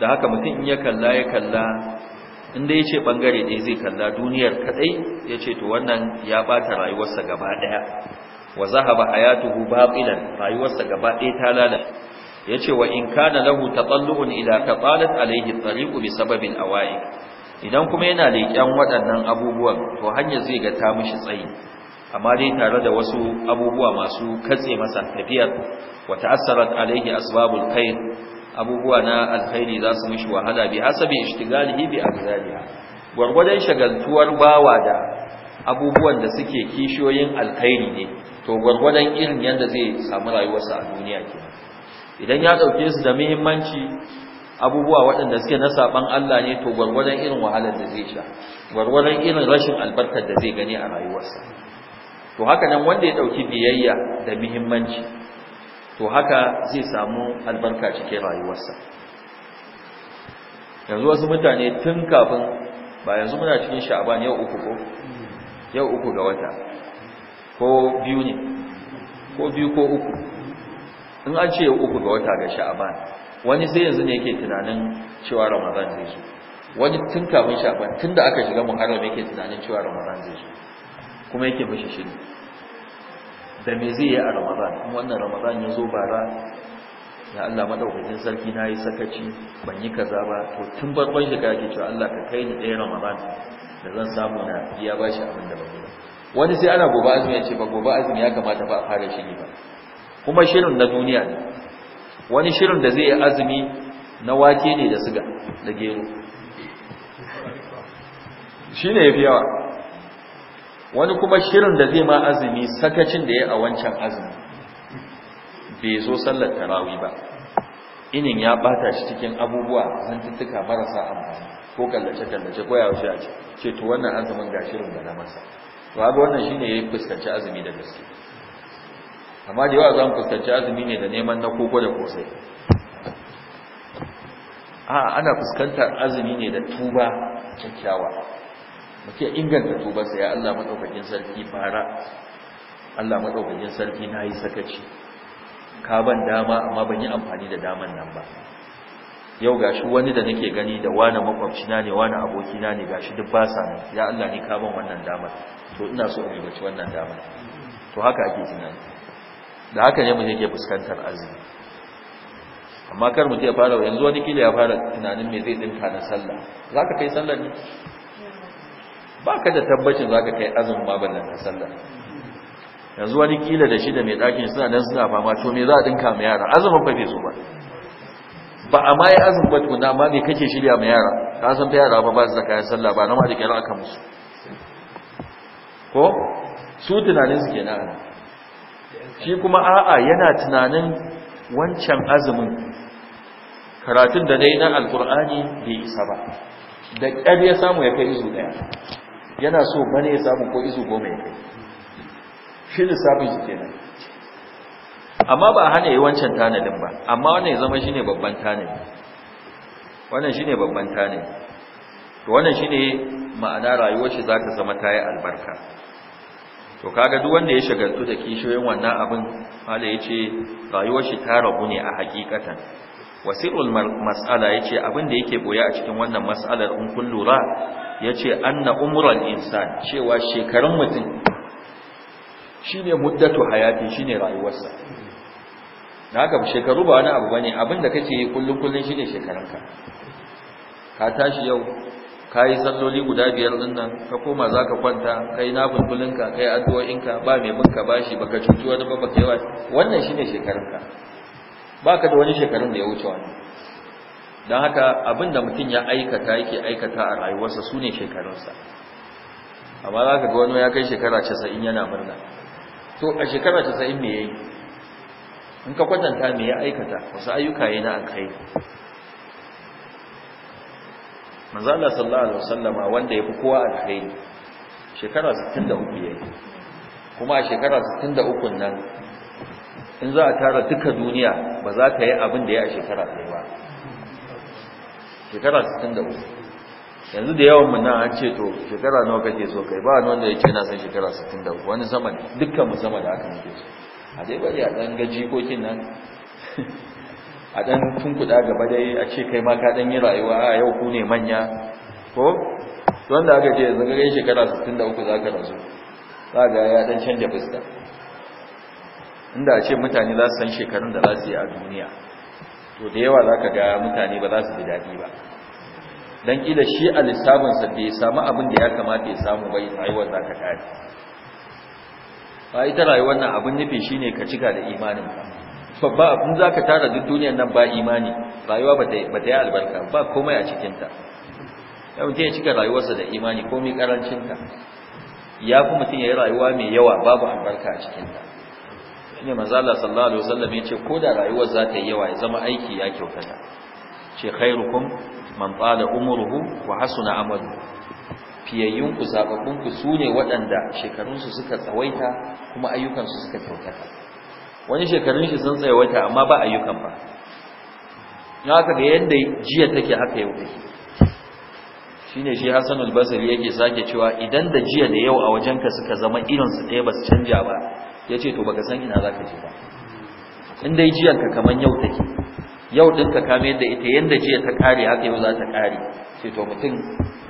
da haka mutum in ya kalla ya kalla inda ya ce ɓangare ɗaya zai kalla duniyar kaɗai ya ce to wannan ya ɓata rayuwarsa gaba ɗaya wa zahaba hayatuhu baqilan rayuwarsa gaba ɗaya ta Ya ce, wa in kana lahu tatallu'un ila tatalat alayhi alaihi, tariqu bi sababin awa'i idan kuma yana leƙen waɗannan abubuwan to hanyar zai ga ta mishi tsayi amma dai tare da wasu abubuwa masu katse masa tafiyar wa ta'assarat alaihi asbabul khair abubuwa na alkhairi za su mishi wahala bi hasabi ishtigalihi bi aghdaliha gurgurdan shagaltuwar bawa da abubuwan da suke kishiyoyin alkhairi ne to gurgurdan irin yanda zai samu rayuwarsa a duniya kenan idan ya dauke su da muhimmanci abubuwa waɗanda suke na saban Allah ne to gurgurdan irin wahalar da zai sha gurgurdan irin rashin albarkar da zai gani a rayuwarsa to haka nan wanda ya dauki biyayya da muhimmanci to haka zai samu albarka cikin rayuwarsa yanzu wasu mutane tun kafin ba yanzu muna cikin sha'aban yau uku ko yau uku ga wata ko biyu ne ko biyu ko uku in an ce yau uku ga wata ga sha'aban wani sai yanzu ne yake tunanin cewa ramadan zai zo wani tun kafin sha'aban tun da aka shiga muharram yake tunanin cewa ramadan zai zo kuma yake mishi shiri da me zai yi a ramadan in wannan ramadan ya zo bara ya Allah madaukakin sarki na yi sakaci ban yi kaza ba to tun barkon ka yake cewa Allah ka kai ni ɗaya ramadan da zan samu na iya ba shi abin da ba wani sai ana gobe azumi ya ce ba gobe azumi ya kamata ba a fara shiri ba kuma shirin na duniya ne wani shirin da zai yi azumi na wake ne da suga da gero shi ne ya fi yawa wani kuma shirin da zai ma azumi sakacin da ya a wancan azumi bai zo sallar tarawi ba inin ya bata shi cikin abubuwa zantuttuka marasa amfani ko kallace-kallace ko yaushe a ce to wannan azumin ga shirin da na masa to haka wannan shine ya fuskanci azumi da gaske amma da yawa za mu fuskanci azumi ne da neman na koko da kosai a ana fuskantar azumi ne da tuba kyakkyawa muke inganta tubarsa ya Allah madaukakin sarki fara Allah madaukakin sarki nayi sakaci ka ban dama amma ban yi amfani da daman nan ba yau gashi wani da nake gani da wani na ne wani abokina ne gashi duk ba sa ya Allah ne ka ban wannan damar to ina so in ribaci wannan damar to haka ake tunani da haka ne mu yake fuskantar azumi amma kar mu je fara yanzu wani kila ya fara tunanin me zai dinka na sallah zaka kai sallah ne ba ka da tabbacin za ka kai azumin mabalin na sallah yanzu wani kila da shi mai ɗakin suna dan suna fama to me za a ɗinka mai yara azumin ba ke so ba ba a ma yi azumin ba na ma me kake shirya mai yara ka san ta yara ba ba su da kayan sallah ba na ma da kyar aka musu ko su tunanin su ke nan shi kuma a'a yana tunanin wancan azumin karatun da na yi na alkur'ani bai isa ba da ƙyar ya samu ya kai izu ɗaya yana so bane ya samu ko izu goma ya kai shi lissafin shi nan amma ba hana yi wancan tanadin ba amma wannan ya zama shi ne babban tanadi wannan shi ne babban tanadi to wannan ne ma'ana rayuwar shi za ta zama ta yi albarka to kaga duk wanda ya shagaltu da kishiyoyin wannan abin hala ya ce rayuwar shi ta rabu ne a hakikatan wasirul mas'ala yace abin da yake boye a cikin wannan mas'alar in kun lura Ya an anna umral insan cewa shekarun mutum shi ne muddatu hayati ne rayuwarsa na haka shekaru ba wani abu ba ne, abinda ka ce yi kullum shi shine shekarunka ka tashi yau ka yi salloli guda biyar din ka koma za ka kwanta ka yi nabin kullinka yi addu'o'inka ba mai shi bashi baka cuci wani ba baka yawa wannan shine shekarunka ka da wani shekarun da ya wuce wani don haka abinda mutum ya aikata yake aikata a rayuwarsa su ne shekarunsa amma za ka ga wani ya kai shekara casa'in yana murna to a shekara casa'in me ya yi in ka kwatanta me ya aikata wasu ayyuka ya na kai manzo Allah sallallahu alaihi wasallama wanda yafi kowa alkhairi shekara 63 yayi kuma a shekara 63 nan in za a tara duka duniya ba za ta yi abin da ya a shekara ɗaya ba shekara 63 yanzu da yawan mun an ce to shekara nawa kake so kai ba wanda ya ce na san shekara 63 wani sama dukkan mu sama da haka muke so a dai bari a dan ga jikokin nan a dan tunkuda gaba dai a ce kai ma ka dan yi rayuwa a yau ku ne manya ko to wanda aka ce yanzu ga shekara 63 zaka rasu za ga ya dan canja fuska inda a ce mutane za su san shekarun da za su yi a duniya to da yawa za ka ga mutane ba za su ji daɗi ba don ƙila shi a lissafinsa da ya samu abin da ya kamata ya samu bai rayuwar za ka ƙari ba ita rayuwar nan abin nufi shi ne ka cika da imanin ba babba abin za ka tara duk duniyar nan ba imani rayuwa ba ta yi albarka ba komai a cikinta ya mutum ya cika rayuwarsa da imani komai ƙarancinta ya fi mutum ya yi rayuwa mai yawa babu albarka a cikinta shine manzo Allah sallallahu alaihi wasallam yace ko da rayuwar za ta yi yawa ya zama aiki ya kyautata ce khairukum man tala umruhu wa hasuna amaluhu fiyayyun ku zababbun ku sune waɗanda shekarun su suka tsawaita kuma ayyukan su suka kyautata wani shekarun shi sun tsawaita amma ba ayyukan ba na haka ga yanda jiya take haka yau take shine shi Hassan al-Basri yake sake cewa idan da jiya da yau a wajenka suka zama irin su ɗaya ba su canja ba ya ce to baka san ina za ka je ba in dai jiyanka kamar yau take yau ɗinka kame yadda ita yadda jiya ta kare haka yau za ta kare ce to mutum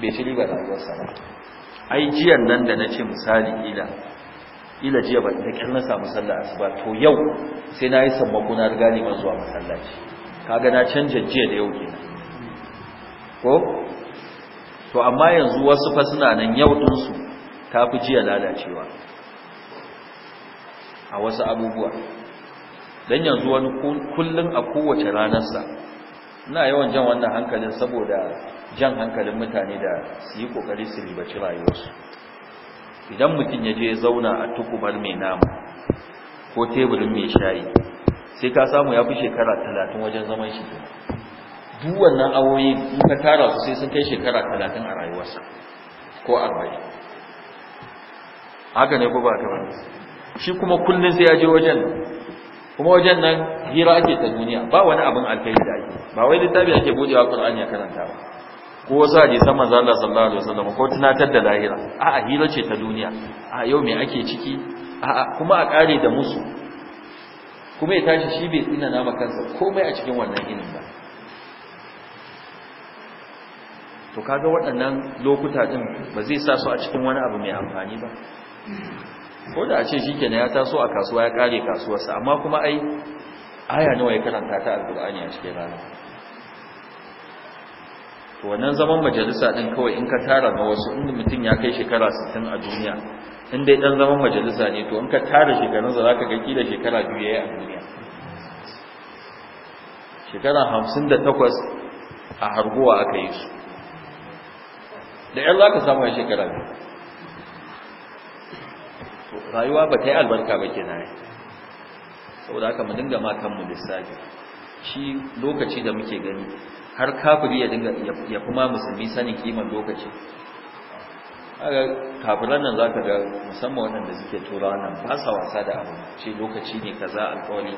bai ci riba rayuwarsa ba ai jiyan nan da na ce misali ila ila jiya ba da kyar na samu sallah asuba to yau sai na yi sammako na riga neman zuwa masallaci kaga na canja jiya da yau kenan ko to amma yanzu wasu fa suna nan yau ɗinsu ta fi jiya lalacewa a wasu abubuwa don yanzu wani kullum a kowace ranarsa ina yawan jan wannan hankalin saboda jan hankalin mutane da su yi kokari su ribaci rayuwarsu idan mutum ya je zauna a tukubar mai nama ko teburin mai shayi sai ka samu ya fi shekara talatin wajen zaman shi duk wannan awoyi in ka tara su sai sun kai shekara talatin a rayuwarsa ko arba'in haka ne ko ba ka ba shi kuma kullun sai ya je wajen kuma wajen nan hira ake ta duniya ba wani abin alkhairi da ake ba wai littafi ake budewa qur'ani ya karanta ba ko wasu hadisan manzo Allah sallallahu alaihi wasallam ko tunatar da lahira a'a hira ce ta duniya a yau me ake ciki a'a kuma a kare da musu kuma ya tashi shi bai tsina nama kansa komai a cikin wannan ilimin ba to kaga waɗannan lokuta din ba zai sa su a cikin wani abu mai amfani ba ko da a ce shi kenan ya taso a kasuwa ya kare kasuwarsa amma kuma ai aya nawa ya karanta ta alkur'ani a cikin rana to wannan zaman majalisa din kawai in ka tara ma wasu in mutum ya kai shekara 60 a duniya in dai dan zaman majalisa ne to in ka tara shekarun za ka ga kila shekara biyu yayi a duniya shekara 58 a harguwa aka yi su da yan za ka samu shekara biyu rayuwa ba ta yi albarka ba ke nan saboda haka mu dinga ma mu lissafi shi lokaci da muke gani har kafiri ya dinga ya kuma musulmi sanin kiman lokaci aga kafiran nan zaka ga musamman waɗanda suke turawa nan ba sa wasa da abu ce lokaci ne kaza alƙawari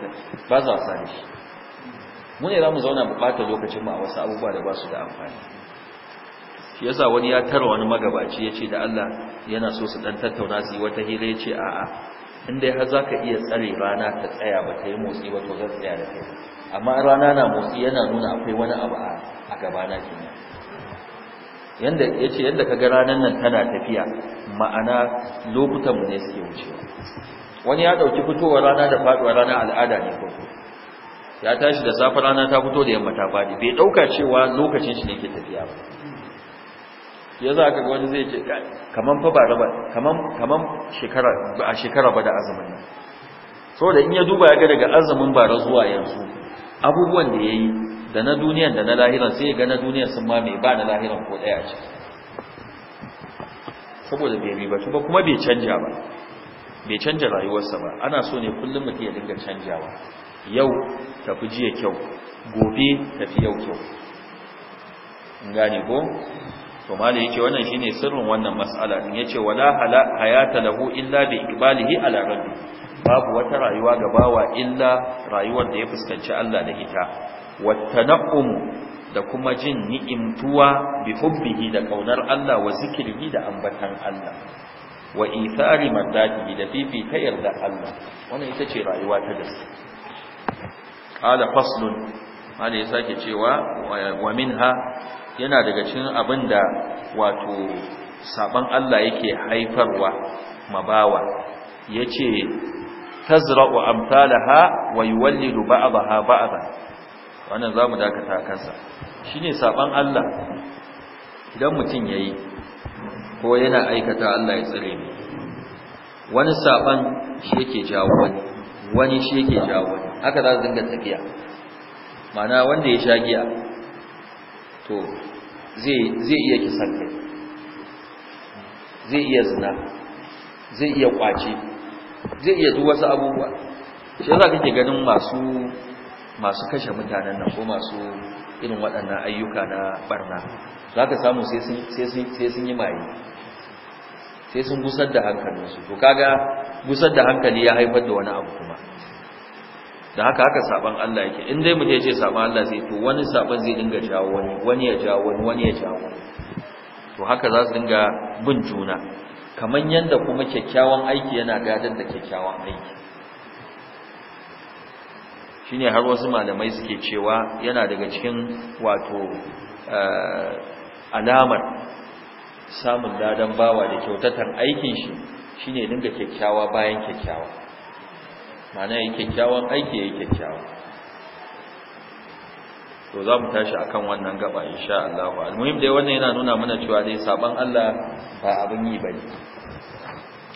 ba sa wasa da shi mu ne za mu zauna mu ɓata lokacinmu a wasu abubuwa da ba su da amfani shi yasa wani ya tara wani magabaci ce da Allah yana so su dan tattauna su wata hira yace a'a in dai har zaka iya tsare rana ta tsaya ba ta yi motsi ba to zai tsaya da kai amma rana na motsi yana nuna akwai wani abu a gabana kenan yanda yace yanda kaga ranan nan tana tafiya ma'ana lokutan mu ne suke wucewa wani ya dauki fitowar rana da faduwar rana al'ada ne ko ya tashi da safe rana ta fito da yamma ta fadi bai dauka cewa lokacin shi ne ke tafiya ba ya za ka ga wani zai ce kaman fa ba raba kaman kaman shekara ba a shekara ba da azumin so saboda in ya duba ya ga daga azumin bara zuwa yanzu abubuwan da yayi da na duniyan da na lahiran sai ya ga na duniyan sun ma mai ba na lahiran ko daya ce saboda bai riba ba kuma bai canja ba bai canja rayuwarsa ba ana so ne kullum mutum ya dinga canjawa yau tafi jiya kyau gobe tafi yau kyau gane ko to mala yace wannan shine sirrin wannan mas'ala din yace wala hala hayata lahu illa bi iqbalihi ala rabbi babu wata rayuwa ga bawa illa rayuwar da ya fuskanci Allah da ita wattanaqqum da kuma jin ni'imtuwa bi hubbihi da kaunar Allah wa zikrihi da ambatan Allah wa ithari mardatihi da fifi ta yarda Allah wannan ita ce rayuwa ta gaske qala faslun hali ya sake cewa wa minha yana daga cikin abin da wato saban Allah yake haifarwa mabawa yace tazra'u amsalaha wa yuwallidu ba'daha ba'da wannan zamu dakata kansa shine saban Allah idan mutun yayi ko yana aikata Allah ya tsare ni wani saban shi yake jawo wani wani shi yake jawo haka za su dinga tafiya ma'ana wanda ya sha giya to zai iya kisan kai zai iya zina zai iya kwace zai iya duk wasu abubuwa shi za ke ganin masu masu kashe mutanen nan ko masu irin waɗannan ayyuka na barna za ka samu sai sun yi maye sai sun gusar da hankalinsu to kaga gusar da hankali ya haifar da wani abu kuma da haka haka saban Allah yake in dai mutum ya ce saban Allah sai to wani saban zai dinga jawo wani wani ya jawo wani wani ya jawo to haka za su dinga bin juna kaman yanda kuma kyakkyawan aiki yana gadar da kyakkyawan aiki shine har wasu malamai suke cewa yana daga cikin wato eh, alamar samun ladan bawa da kyautatan aikin shi shine dinga kyakkyawa bayan kyakkyawa mana yi kyakkyawan aiki ya yi kyakkyawan to za mu tashi a kan wannan gaba insha Allah almuhim dai wannan yana nuna mana cewa dai saban Allah ba abin yi ba ne.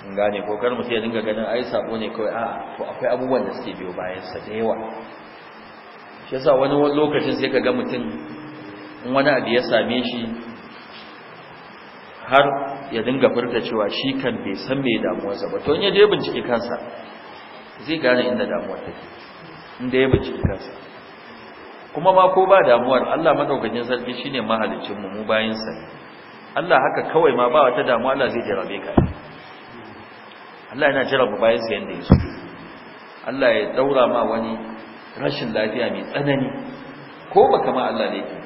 in gane ko kar mutum ya dinga ganin ai sabo ne kawai a'a to akwai abubuwan da suke biyo bayan sa da yawa shi yasa wani lokacin sai ka ga mutum in wani abu ya same shi har ya dinga furta cewa shi kan bai san me damuwarsa ba to in ya je bincike kansa zai gane inda damuwar take inda ya bincike kansa kuma ma ko ba damuwar Allah madaukakin sarki shine mahalicin mu mu bayin sa Allah haka kawai ma ba wata damuwa Allah zai jarabe ka Allah yana jaraba bayin sa yanda yake Allah ya daura ma wani rashin lafiya mai tsanani ko ba kama Allah ne ba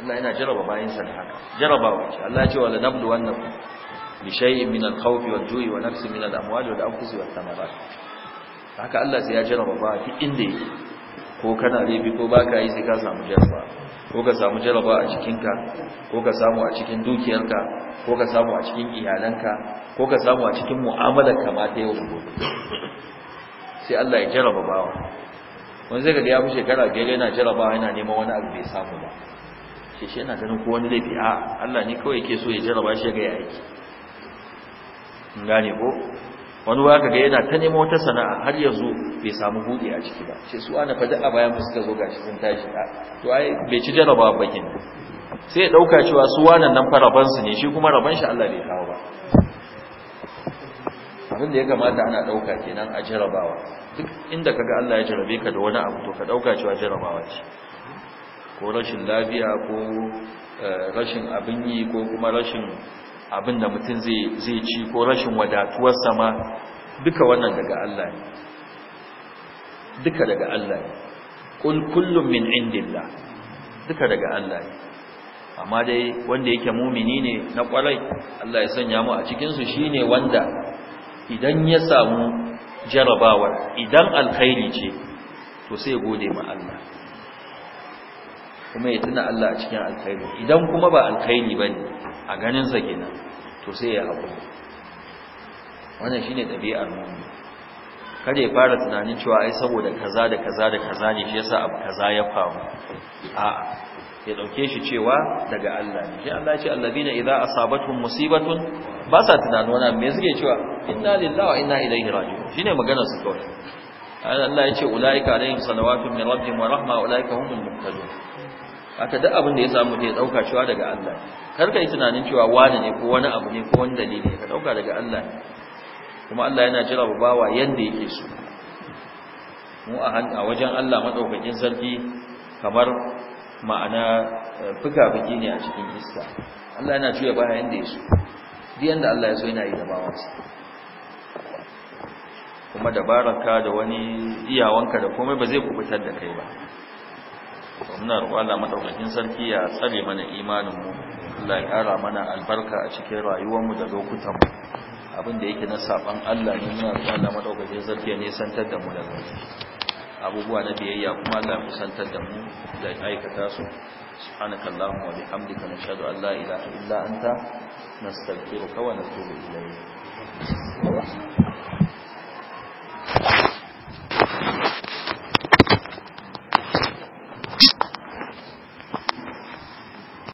Allah yana jaraba bayin sa da haka jarabawa ce Allah ya ce wala nabdu wannan bi shay'in min al-khawfi wal-ju'i wa nafsin min al-amwali wal-anfusi wat thamarat haka Allah sai ya jarraba ba fi inda yake ko kana laifi ko baka yi sai ka samu jarraba ko ka samu jarraba a cikinka ko ka samu a cikin dukiyarka ko ka samu a cikin iyalanka ko ka samu a cikin mu'amalarka ma ta yau da gobe sai Allah ya jarraba bawa wani zai ga ya fi shekara biyar yana jarraba yana neman wani abu bai samu ba shi shi yana ganin ko wani laifi a Allah ne kawai yake so ya jarraba shi ga ya gane ko wani wa kaga yana ta nemo wata sana'a har yanzu bai samu buɗe a ciki ba ce su ana fada a bayan suka zo gashi sun tashi a to ai bai ci jaraba ba kin sai ya dauka cewa su wannan nan fa su ne shi kuma raban shi Allah bai kawo ba abin da ya kamata ana dauka kenan a jarabawa duk inda kaga Allah ya jarabe ka da wani abu to ka dauka cewa jarabawa ce ko rashin lafiya ko eh, rashin abin yi ko kuma rashin abin da mutum zai ci ko rashin wadatuwar sama, duka wannan daga Allah ne duka daga Allah ne kul kullum min indillah duka daga Allah ne amma dai wanda yake mumini ne na kwarai Allah ya sanya mu a cikinsu su shine wanda idan ya samu jarabawa idan alkhairi ce to sai gode ma Allah kuma ya tuna Allah a cikin alkhairi idan kuma ba alkhairi bane a ganin sa kenan to sai ya abu wannan shine ɗabi'ar mu'min kada ya fara tunanin cewa ai saboda kaza da kaza da kaza ne shi yasa abu kaza ya faru a'a ya dauke shi cewa daga Allah ne shi Allah ce allazina idza asabatuhum musibatun ba sa tunanin wani me suke cewa inna lillahi wa inna ilaihi raji'un shine maganar su kawai Allah ya ce ulaika alaihim salawatu min rabbihim wa rahma ulaika humul muhtadun haka duk abin da ya samu da ya dauka cewa daga Allah ne kar ka yi tunanin cewa wani ne ko wani abu ne ko wani dalili ka dauka daga Allah ne kuma Allah yana jira ba bawa yanda yake so mu a wajen Allah madaukakin sarki kamar ma'ana eh, fuka-fuki ne a cikin iska Allah yana juya ba yanda ya so duk yanda Allah ya so yana yi da bawansa kuma baraka da wani iyawanka da komai ba zai kubutar da kai ba wannan ruwa Allah madaukakin sarki ya tsare mana imanin mu Allah ya ƙara mana albarka a cikin rayuwarmu da lokutan abin da yake na saban Allah ne muna roƙon Allah madaukakin sarki ya nisantar da mu da abubuwa na biyayya kuma Allah ya kusantar da mu da aikata su سبحانك اللهم وبحمدك نشهد أن لا إله إلا أنت نستغفرك ونتوب إليك